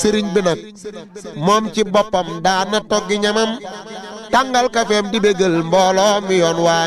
sëriñ bi nag moom ci boppam daana togg ñamam tàngal kafeem di bégal mbooloo mi yoon waa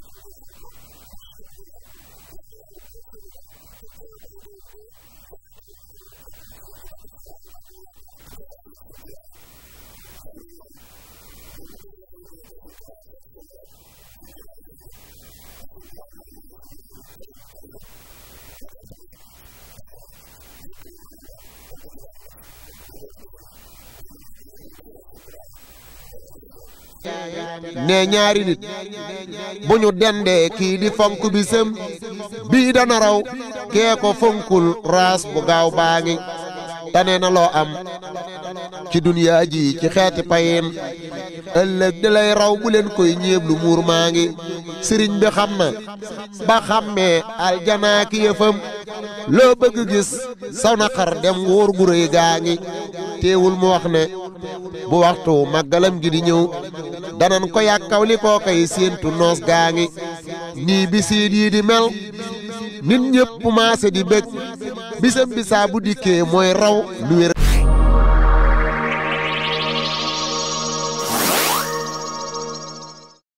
ne ñaari nit bu ñu dendee kii di fonk bisam bii dana raw kee ko fonkul raas bu gaaw baa ngi tane na loo am ci duniyaa ji ci xeeti payin ëllëg di lay raw bu leen koy ñeeblu muur maa ngi sëriñ bi xam na ba xàmmee aljanaa ki yëfam loo bëgg gis saw na xar dem wóor gu rëy gaa ngi teewul mu wax ne bu waxtu màggalam gi di ñëw danan ko yàkkaw li koo koy séentu noos gaa ngi nii bisiit yii di mel nit ñëpp maase di bëgg bisam bisaa bu dikkee mooy raw lu wér